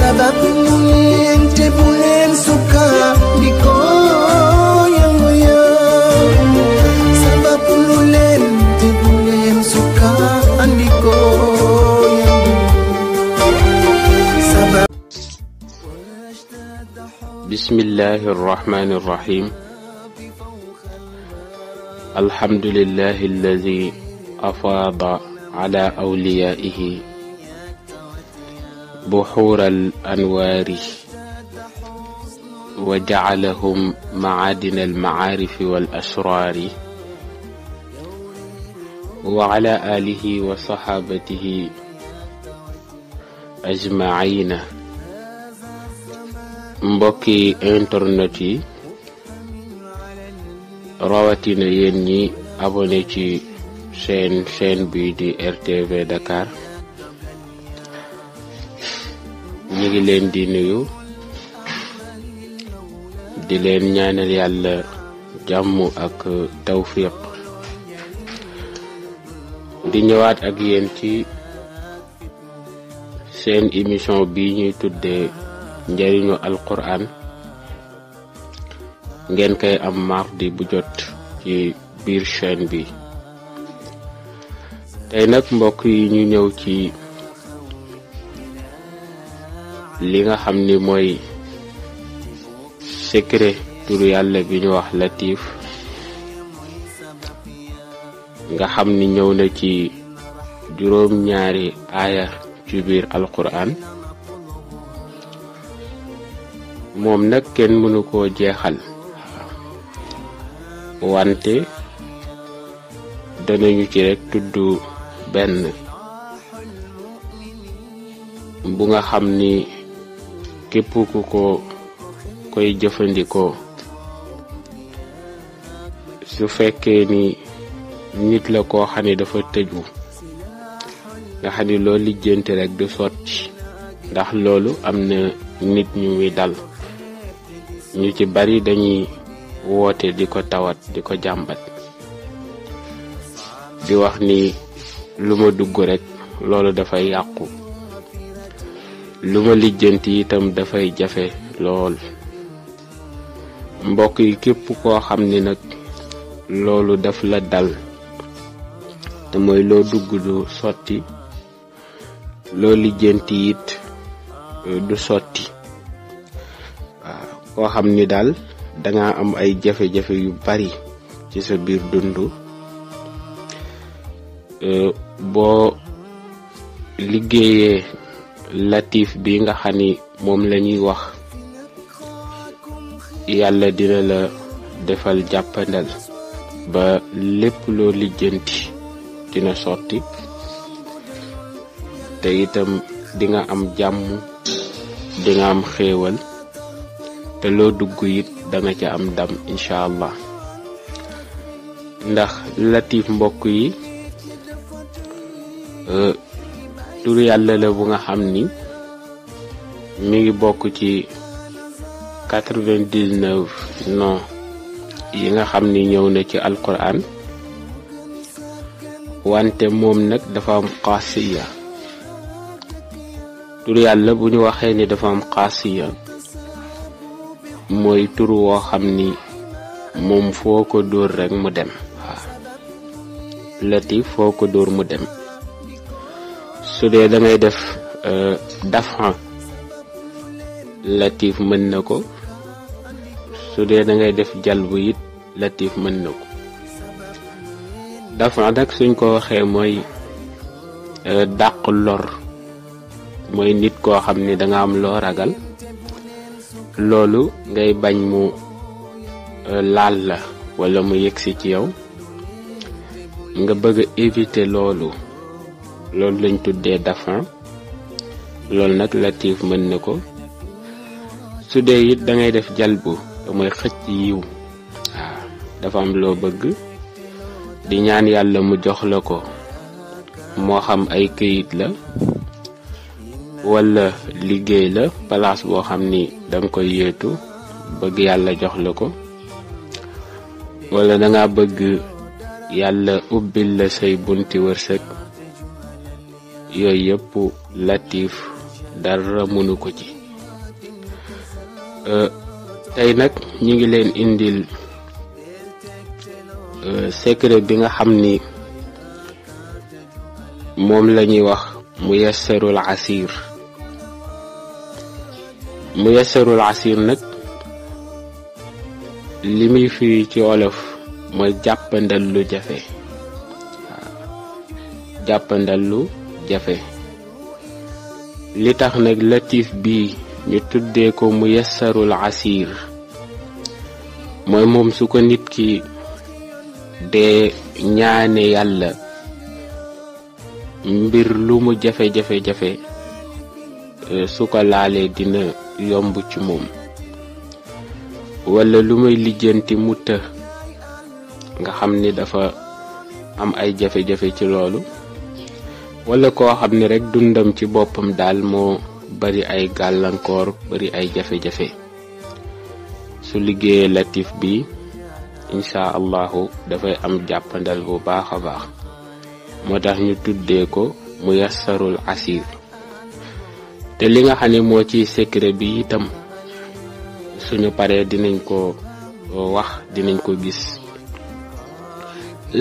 Sabab mungkin cebulen suka dikoyang-goyang Sebab lulen cebulen suka dikoyang Sebab Bismillahirrahmanirrahim Alhamdulillahilladzi afada ala بحور الأنوار وجعلهم معادن المعارف والأسرار وعلى آله وصحابته أجمعين مبكي انترنتي رواتينا يني أبونيتي شين شين بي دي ار تي في دكار ñu ngi leen di nuyu di leen ñaanal yàlla jàmm ak tawfiq di ñëwaat ak yéen ci seen émission bi ñuy tuddee njëriñu alquran ngeen koy am mardi bu jot ci biir chaîne bi tey nag mbokk yi ñu ñëw ci li nga xam ni mooy secret turu yàlla bi ñu wax latif nga xam ni ñëw na ci juróom ñaari aaya ci biir alquran moom nag kenn mënu koo jeexal wante danañu ci rek tudd benn bu nga xam képp ku ko koy jëfandikoo su fekkee ni nit la koo xam ne dafa tëju nga ni loolu lijjanti rek du sotti ndax loolu am na nit ñu muy dal ñu ci bari dañuy woote di ko tawat di ko jàmbat di wax ni lu ma dugg rekk loolu dafay yàqu lu ma lijjanti itam dafay jafe lool mbokk yi képp koo xam ni nag loolu daf la dal te mooy loo dugg du sotti loo lijjanti it euh, du sotti waaw koo xam ni daal danga am ay jafe-jafe yu bari ci sa biir dund euh, boo liggéeyee latif bi nga xam ni moom lañuy wax yàlla dina la defal jàppandal ba lépp loo lijjanti dina sotti te itam dinga am jàmm di am xéewal te loo dugg it danga nga ca am dam incha allah ndax latif mbokk yi. Euh, turu yàlla bu nga xam ni mu ngi bokk ci quatre vingt yi nga xam ni ñëw na ci alquran wante moom nag dafa am xaasiya tur yàlla bu ñu waxee ni dafa am xaasiya mooy tur woo xam ni moom foo ko dóor rek mu dem waaw foo ko dóor mu dem su dee da def euh, dafan latif mën na ko su dee da ngay def jalbu it latif mën na ko dafan nag suñ ko waxee mooy euh, dàq lor mooy nit koo xam ne danga am loo ragal loolu ngay bañ mu euh, laal la walla mu yegsi ci yow nga bëgg éviter loolu loolu lañ tuddee dafan loolu nag latif mën na ko su dee it dangay def jalbu te xëcc yiw waaw dafa am loo bëgg di ñaan yàlla mu jox la ko moo xam ay këyit la wala liggéey la palaas boo xam ni danga koy yeetu bëgg yàlla jox la ko wala danga bëgg yàlla ubbil la say bunti wërsëg yooyu yëpp latiif dara mënu ko ci euh, tey nag ñu ngi leen indil euh, secret bi nga xam ni moom la ñuy wax muyassarul asir muyassarul asir nag li muy firi ci wolof mooy jàppandal lu jafe waaw jàppandal lu jafe li tax nag latif bi ñu tuddee ko mu yassarul asir mooy moom su ko nit ki dee ñaane yàlla mbir lu mu jafe-jafe-jafe euh, su ko laalee dina yomb ci moom wala lu may lijjanti mu të nga xam ni dafa am ay jafe-jafe ci loolu wala koo xam ne rek dundam ci boppam daal moo bari ay gàllankoor bari ay jafe-jafe su liggéeyee latif bi incha allahu dafay am jàppandal bu baax a baax moo tax ñu tuddee ko mu yassarul asir te li nga xam ne moo ci secret bi itam suñu paree dinañ ko wax dinañ ko gis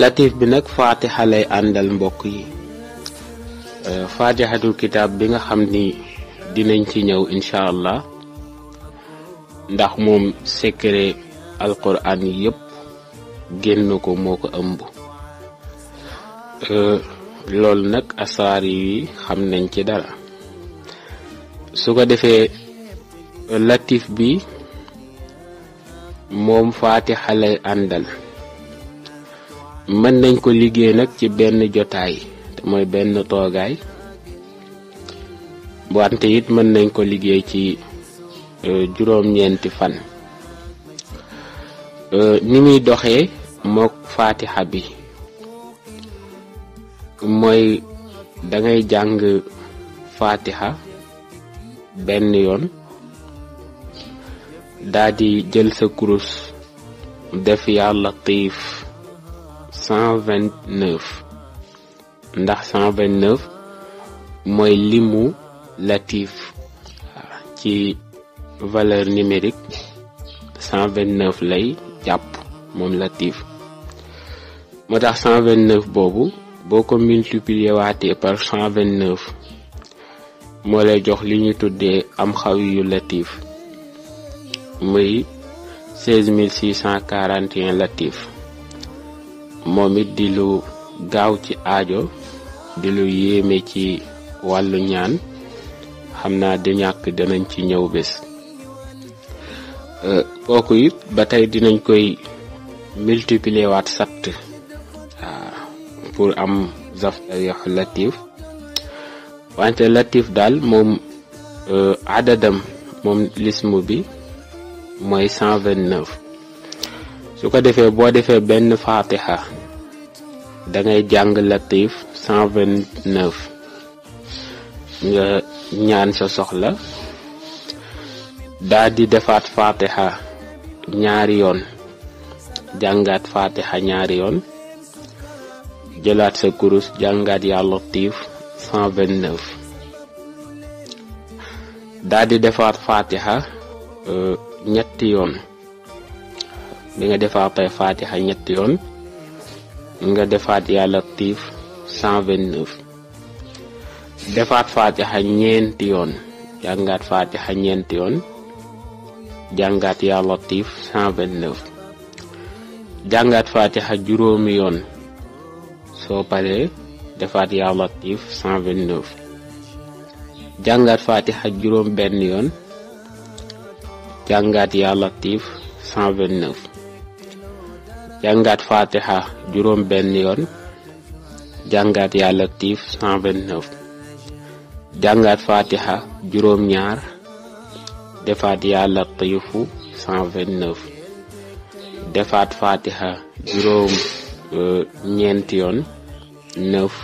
latif bi nag faatixa lay àndal mbokk yi Euh, faatixatul kitaab bi nga xam ni dinañ ci ñëw incha allah ndax moom secret alquran yi yëpp génn ko moo ko ëmb euh, loolu nag asari yi xam nañ ci dara su ko defee latif bi moom faati xale àndal mën nañ ko liggéey nag ci benn jotaay mooy benn toogaay wante it mën nañ ko liggéey ci euh, juróom-ñeenti fan euh, ni muy doxee mook faatixa bi mooy dangay jàng faatixa benn yoon daa di jël sa kurus def yàlla tiif 129 ndax 129 mooy limu latif ci valeur numérique 129 lay jàpp moom latif moo tax 129 boobu boo ko multiplier waatee par 129 moo lay jox li ñu tuddee am xaw yu latif muy 16641 latif moom it di lu gaaw ci aajo di lu yéeme ci wàllu ñaan xam naa di ñàkk danañ ci ñëw bés euh, kooku it ba tey dinañ koy multiplier waat sat waaw pour am zafariyah latif wante latif daal moom euh, adadam moom lismu bi mooy cent vingt su ko defee boo defee benn fatiha dangay ngay jàng latif 129 nga ñaan sa soxla daal di defaat fatiha ñaari yoon jàngaat fatiha ñaari yoon jëlaat sa kurus jàngaat yaa latif 129 daal di defaat fatiha euh, ñetti yoon bi nga defaatee fatiha ñetti yoon nga defaat yaa latiif 129 defaat faatixa ñeenti yoon jàngaat faatixa ñeenti yoon jàngaat yaa latiif 129 jàngaat faatixa juróomi yoon soo paree defaat yaa latiif 129 jàngaat juróom benn yoon jàngaat yaa latiif jàngaat fatiha juróom benn yoon jàngaat yaa latif 129 jàngaat fatiha juróom ñaar defaat yaa latifu 129 defaat fatiha juróom euh, ñeenti yoon 9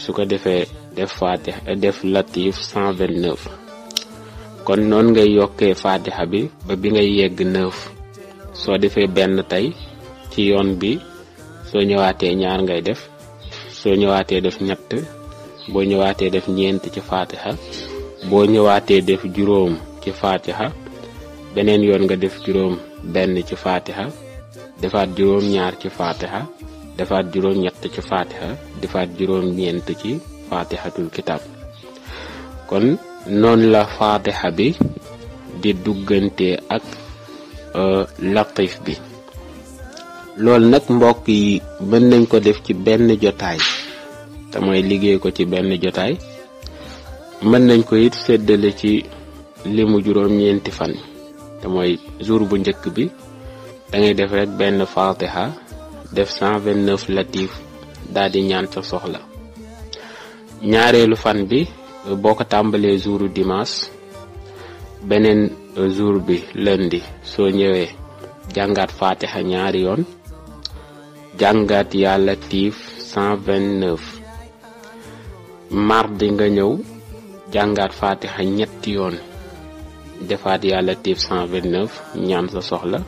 su ko defee def fatiha euh, def latif 129 kon noonu ngay yokkee fatiha bi ba bi ngay yegg 9 soo defee benn tey ci yoon bi soo ñëwaatee ñaar ngay def soo ñëwaatee def ñett boo ñëwaatee def ñeent ci faatiha boo ñëwaatee def juróom ci faatiha beneen yoon nga def juróom benn ci faatiha defaat juróom ñaar ci faatiha defaat juróom ñett ci faatiha defaat juróom kon noonu la faatiha bi di duggante ak euh, latif bi loolu nag mbokk yi mën nañ ko def ci benn jotaay te mooy liggéey ko ci benn jotaay mën nañ ko it séddale ci limu juróom-ñeenti fan te mooy jour bu njëkk bi dangay def rekk benn fatiha def 129 latif daal di ñaan sa soxla ñaareelu fan bi boo ko tàmbalee jouru dimanche beneen jour bi lundi soo ñëwee jàngaat fatiha ñaari yoon jàngat yaa latiif 129 mardi nga ñëw jàngat faatixa ñetti yoon defaat yaa latiif 129 ñaan sa soxla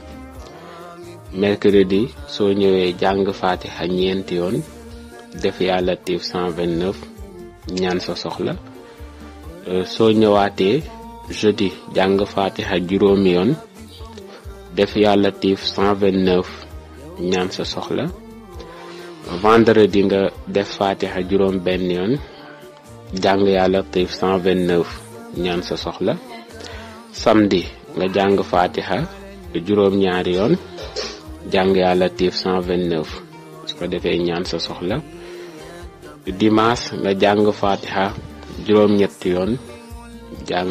mercredi soo ñëwee jàng faatixa ñeenti yoon def yaa latiif 129 ñaan sa soxla euh, soo ñëwaatee jeudi jàng faatixa juróomi yoon def yaa latiif ñaan sa soxla vendredi nga def fatiha juróom yoon jàng yàlla xiif 129 ñaan sa soxla samedi nga jàng fatiha juróom ñaari yoon jàng yàlla xiif 129 su ko defee ñaan sa soxla dimanche nga jàng fatiha juróom ñetti yoon jàng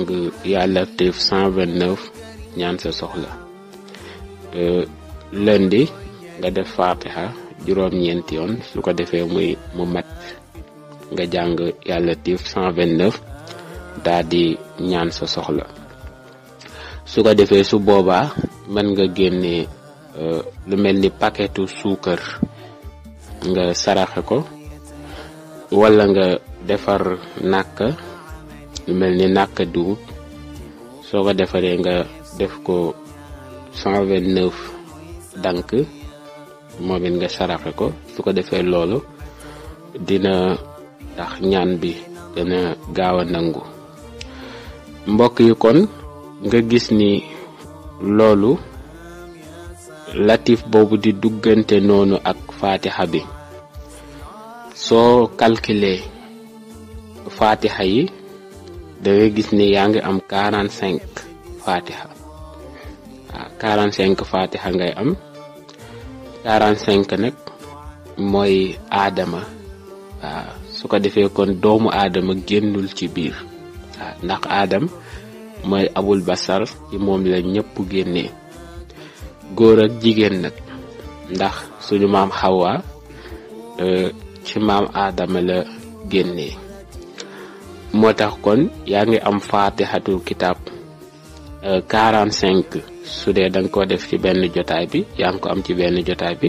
yàlla xiif 129 ñaan sa soxla euh, lundi nga def faatiha juróom-ñeenti yoon su ko defee muy mu mat nga jàng yàlla tiif 129 daa di ñaan sa soxla su ko defee su boobaa mën nga génne euh, lu mel ni paketu suukar nga saraxe ko wala nga defar nàkk lu mel ni nàkk dugub soo ko defaree nga def ko 129 dank moomin nga saraxe ko su ko defee loolu dina tax ñaan bi dana gaaw a nangu mbokk yi kon nga gis ni loolu latif boobu di duggante noonu ak fatixa bi soo calcule fatixa yi da ngay gis ni yaa ngi am 45 fatixa 45 fatixa ngay am quarante cinq nag mooy aadama waaw su ko defee kon doomu aadama génnul ci biir ndax aadam mooy abul basar ci moom la ñëpp génnee góor ak jigéen nag ndax suñu maam xawa euh, ci maam aadama la génnee moo tax kon yaa ngi am faatixatul kitaab euh, quarante cinq su dee da nga ko def ci benn jotaay bi yaa ngi ko am ci benn jotaay bi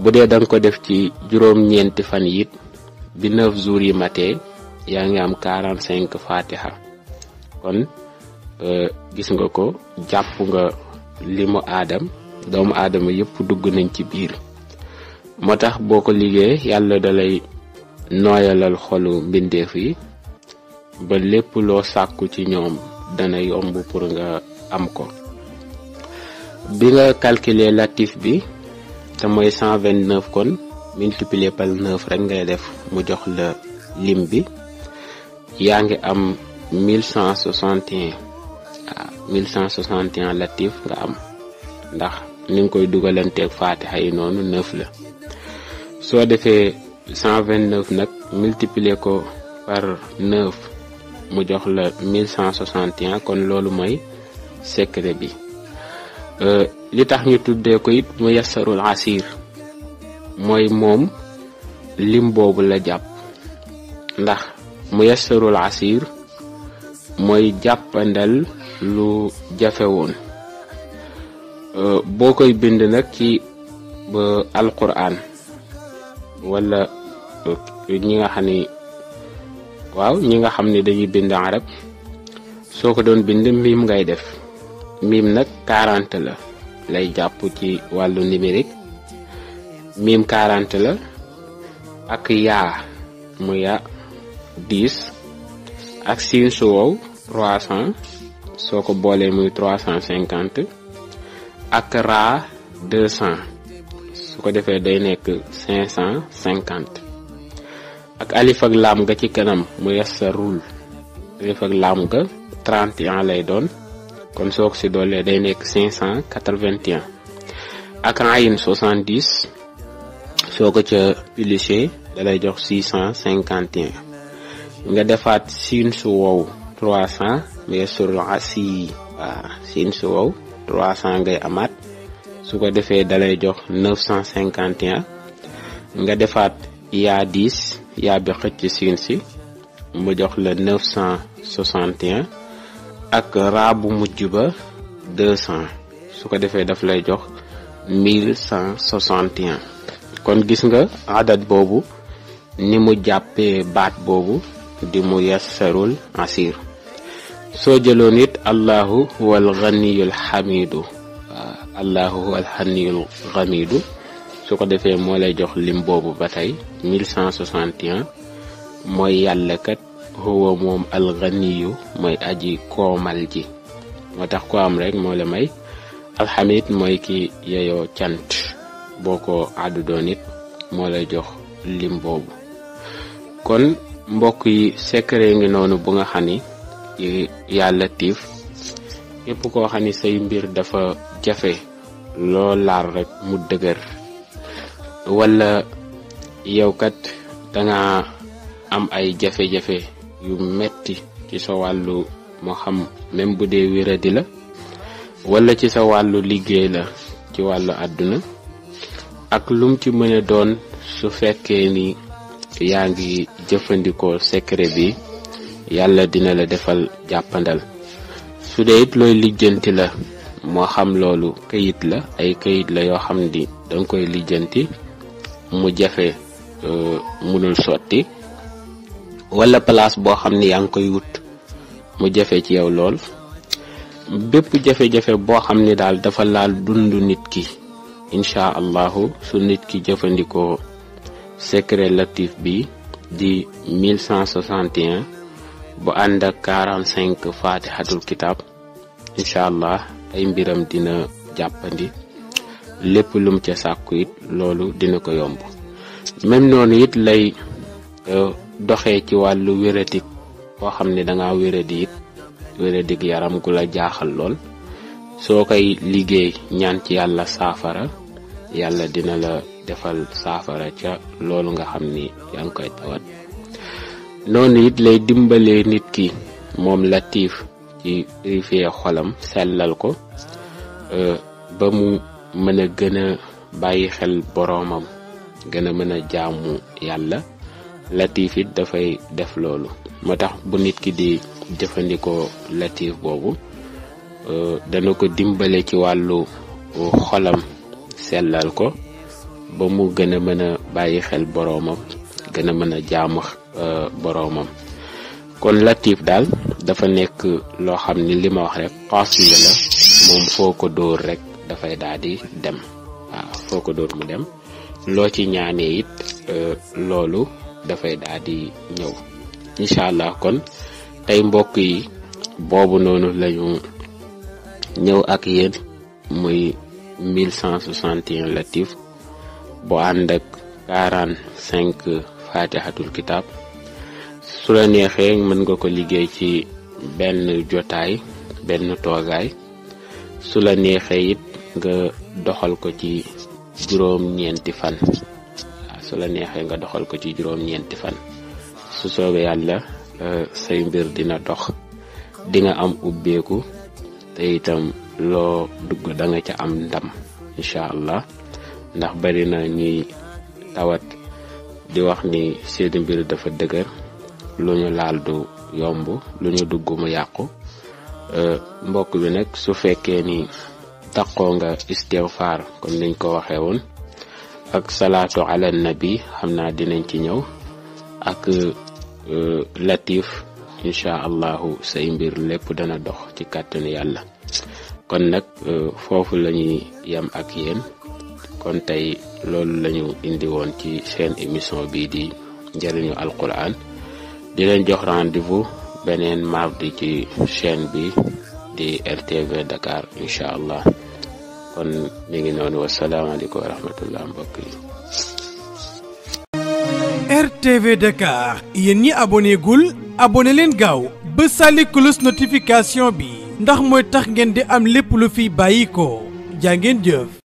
bu dee da nga ko def ci juróom-ñeenti fan yit bi neuf jours yi matee yaa ngi am quarante cinq fatiha kon euh, gis nga ko jàpp nga limu aadam doomu aadama yépp dugg nañ ci biir moo tax boo ko liggéey yàlla dalay nooyalal xolu mbindeef yi ba lépp loo sàkku ci ñoom dana yomb pour nga am ko bi nga calculer latif bi te mooy cent vingt neuf kon multiplier par neuf rek ngay def mu jox la lim bi yaa ngi am mille cent soixante et ah, mille cent soixante et un latif nga am ndax ni nga koy dugalanteeg faatixa yi noonu neuf la soo defee cent vingt neuf nag multiplier ko par neuf mu jox la cent soixante et kon loolu mooy secret bi Euh, li tax ñu tuddee ko it mu mooy moom lim boobu la jàpp ndax mu yassarul mooy jàppandal lu jafe woon euh, boo koy bind nag ci alquran wala euh, ñi nga ni waaw ñi nga xam ni dañuy bind arab soo ko doon bind mim ngay def mim nag 40 la lay jàpp ci wàllu numérique mim 40 la ak yaa mu ya 10 ak siin su wow 300 soo ko boolee muy 350 ak raa 200 su ko defee day nekk 550 ak alif ak laam ga ci kanam mu yasarul alif ak laam ga 31 lay doon. kon soo ko si doolee day nekk 581 ak ayin 70 soo ko ca publier dalay jox 651 nga defaat siin su wow 300 mais sur asi ngay amaat su ko defee da lay jox 951 nga defaat yaa 10 yaa bi xëcc siin si mu jox la 961 ak raa mujj ba deux su ko defee daf lay jox mille cent soixante et kon gis nga adat boobu ni mu jàppee baat boobu di mu yassarul asir soo jëloo nit allahu huwal ganiyul xamidu waaw allahu huwal ganiyul su ko defee moo lay jox lim boobu ba tey mille cent mooy yàlla kat huwa moom alganiyu mooy aji koomal ji moo tax ko am rekk moo la may alxamid mooy ki yeyoo cant boo ko àddu doon it moo lay jox lim boobu kon mbokk yi secret ngi noonu bu nga xam ni yàlla tiif képp koo xam ni say mbir dafa jafe loo laar rek mu dëgër wala yow kat danga am ay jafe-jafe yu metti ci sa wàllu moo xam même bu dee wéradi la wala ci sa wàllu liggéey la ci wàllu àdduna ak lum ci mën a doon su fekkee ni yaa ngi jëfandikoo secret bi yàlla dina la defal jàppandal su dee it looy lijjanti la moo xam loolu këyit la ay këyit la yoo xam ni danga koy lijjanti mu jafe euh, mënul sotti wala place boo xam ne yaa ngi koy wut mu jafe ci yow lool bépp jafe-jafe boo xam ne daal dafa laal dundu nit ki incha allahu su nit ki jëfandikoo secret latif bi di 1161 bu ànd ak 45 fatihatul kitab incha allah ay mbiram dina jàppandi lépp lum ca sàkku it loolu dina ko yomb même noonu it lay. Euh, doxee ci wàllu wéradik koo xam ne danga wéradi it wéradik yaram gu la jaaxal lool soo koy liggéey ñaan ci yàlla saafara yàlla dina la defal saafara ca loolu nga xam ni yaa ngi koy tawat noonu it lay dimbalee nit ki moom latiif ci purifie xolam sellal ko euh, ba mu mën a gën a bàyyi xel boroomam gën a mën a jaamu yàlla latif it dafay def loolu moo tax bu nit ki di jëfandikoo latif boobu euh, dana ko dimbale ci wàllu xolam sellal ko ba mu gën a mën a bàyyi xel boroomam gën a mën a jaamu euh, boroomam kon latif daal dafa nekk loo xam ni li ma wax rekk xaasiya la moom foo ko dóor rekk dafay daal dem waaw foo ko dóor mu dem loo ci ñaanee it euh, loolu dafay daal ñëw incha allah kon tey mbokk yi boobu noonu lañu ñëw ak yéen muy 1161 latif bu ànd ak 45 fatihatul kitab su la neexee mën nga ko liggéey ci benn jotaay benn toogaay su la neexee it nga doxal ko ci juróom-ñeenti fan su la neexee nga doxal ko ci juróom-ñeenti fan su soobee yàlla say mbir dina dox dinga am ubbeeku te itam loo dugg da nga ca am ndam incha allah ndax bari na ñuy tawat di wax ni seeni mbir dafa dëgër lu ñu laal du yomb lu ñu dugg mu yàqu euh, mbokk bi nag su fekkee ni taqoo nga istigfaar kon niñ ko waxee woon ak salaatu ala nabi xam naa dinañ ci ñëw ak euh, latif incha allahu say mbir lépp dana dox ci kàttanu yàlla kon nag euh, foofu la ñuy yem ak yéen kon tey loolu lañu indi woon ci seen émission bii di njëriñu alquran di leen jox rendez beneen mardi ci chaîne bi di RTV Dakar incha allah kon mi ngi noonu wasalaamaaleykum wa RTV Dakar yéen ñi aboneegul abone leen gaaw ba sàlli kulus notification bi ndax mooy tax ngeen di am lépp lu fiy bàyyi ko jaa ngeen jëf